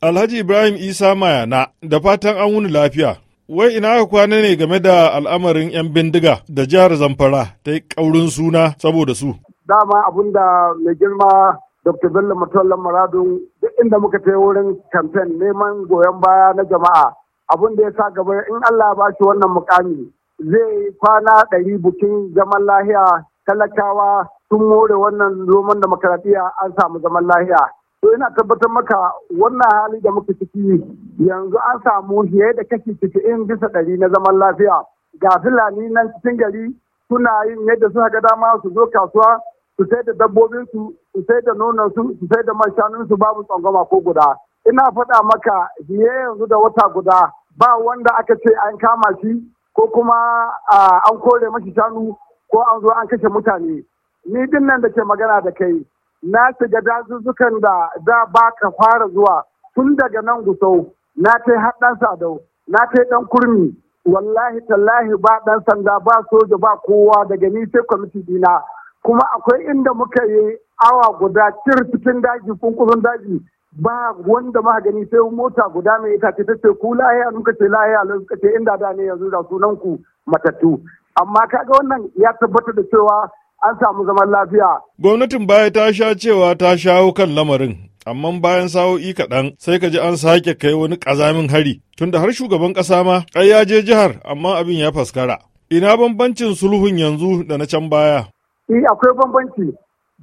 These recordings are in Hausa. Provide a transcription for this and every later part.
Alhaji Ibrahim Isa Mayana da fatan an wuni lafiya. Wai ina aka kwana ne game da al'amarin 'yan bindiga da jihar Zamfara ta yi ƙaurin suna saboda su. Dama abun da mai girma Dr. Bello Matolla Maradun duk inda muka ta wurin kamfen neman goyon baya na jama'a abun da ya sa gaba in Allah ba shi wannan mukami zai kwana ɗari bukin zaman lahiya talakawa sun more wannan zoman da an samu zaman lahiya. to ina tabbatar maka wannan hali da muka ciki yanzu an samu fiye da kashi cikin bisa ɗari na zaman lafiya ga fulani nan cikin gari suna yin yadda suka ga dama su zo kasuwa su sai da dabbobinsu su sai da nonansu su sai da su babu tsangwama ko guda ina faɗa maka fiye yanzu da wata guda ba wanda aka ce an kama shi ko kuma an kore mashi shanu ko an zo an kashe mutane ni din nan da ke magana da kai na shiga dazuzzukan da za ba ka fara zuwa tun daga nan gusau na kai haɗan sadau na kai ɗan kurmi wallahi tallahi ba ɗan sanda ba soja ba kowa daga ni sai kwamiti dina kuma akwai inda muka yi awa guda cir cikin daji kunkurin daji ba wanda ma gani sai mota guda mai ita ce tace ku lahiya nuka ce lahiya inda da ne yanzu da sunan ku matattu amma kaga wannan ya tabbatar da cewa an samu zaman lafiya. Gwamnatin baya ta sha cewa ta shawo kan lamarin, amma bayan sa'o'i kaɗan sai ka ji an sake kai wani ƙazamin hari, tunda har shugaban ƙasa ma ai ya je jihar amma abin ya faskara. Ina bambancin sulhun yanzu da na can baya? Eh akwai bambanci.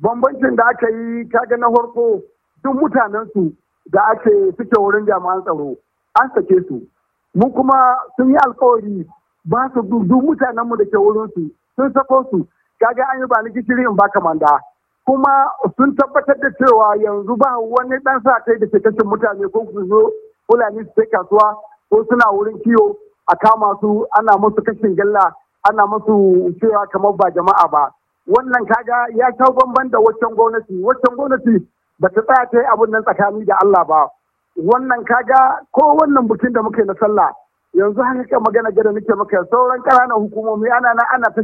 Bambancin da aka yi ta ga na farko duk mutanensu da ake suke wurin jami'an tsaro an sake su. Mu kuma sun yi alkawari ba su duk mutanenmu da ke wurinsu sun sako su kaga an yi ba ni gishiri in baka manda kuma sun tabbatar da cewa yanzu ba wani dan sa kai da ke kashe mutane ko ku zo fulani su kai kasuwa ko suna wurin kiwo a kama su ana musu kashin galla ana musu cewa kamar ba jama'a ba wannan kaga ya kawo bamban da waccan gwamnati waccan gwamnati ba ta tsaya ta yi abin nan tsakani da Allah ba wannan kaga ko wannan bikin da muke na sallah yanzu haka magana gada nake maka sauran ƙananan hukumomi ana na ana ta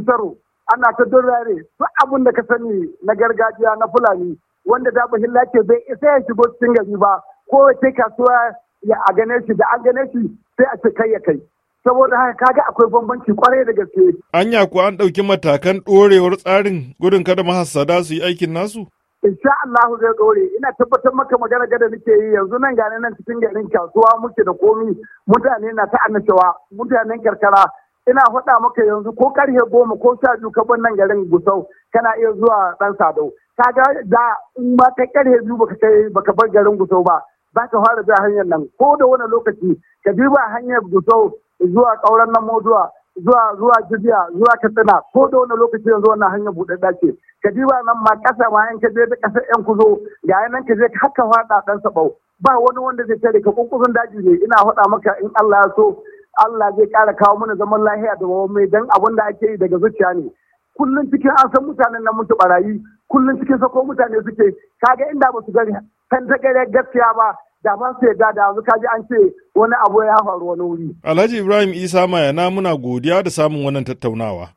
ana ta durare su abin da ka sani na gargajiya na fulani wanda da bahin lake bai isa ya shigo cikin gari ba ko ce kasuwa ya a gane shi da an gane shi sai a ce kai ya kai saboda haka kaga akwai bambanci kwarai da gaske anya ku an ɗauki matakan ɗorewar tsarin gudun kada mahassada su yi aikin nasu insha Allah zai dore ina tabbatar maka magana gada nake yi yanzu nan gane nan cikin garin kasuwa muke da komi mutane na ta annashawa mutanen karkara ina faɗa maka yanzu ko karhe goma ko sha biyu ka bar nan garin gusau kana iya zuwa ɗan sadau ga da in ba ka karhe biyu baka kai baka bar garin gusau ba za ka fara zuwa hanyar nan ko da wani lokaci ka bi ba hanyar gusau zuwa ƙauran nan moduwa zuwa zuwa jibiya zuwa katsina ko da wani lokaci yanzu wannan hanyar buɗe ce ka ba nan ma ƙasa ma yanka je da ƙasar yan kuzo ga nan ka je haka faɗa ɗan sabau ba wani wanda zai tare ka kunkusun daji ne ina faɗa maka in Allah ya so Allah zai ƙara kawo mana zaman lahiya da mai dan abin da ake yi daga zuciya ne kullum cikin an san mutanen nan mutu barayi kullum cikin sako mutane suke kaga inda ba su gani kan ta gaskiya ba da ba su yarda da yanzu kaji an ce wani abu ya faru wani wuri. Alhaji Ibrahim Isa na muna godiya da samun wannan tattaunawa.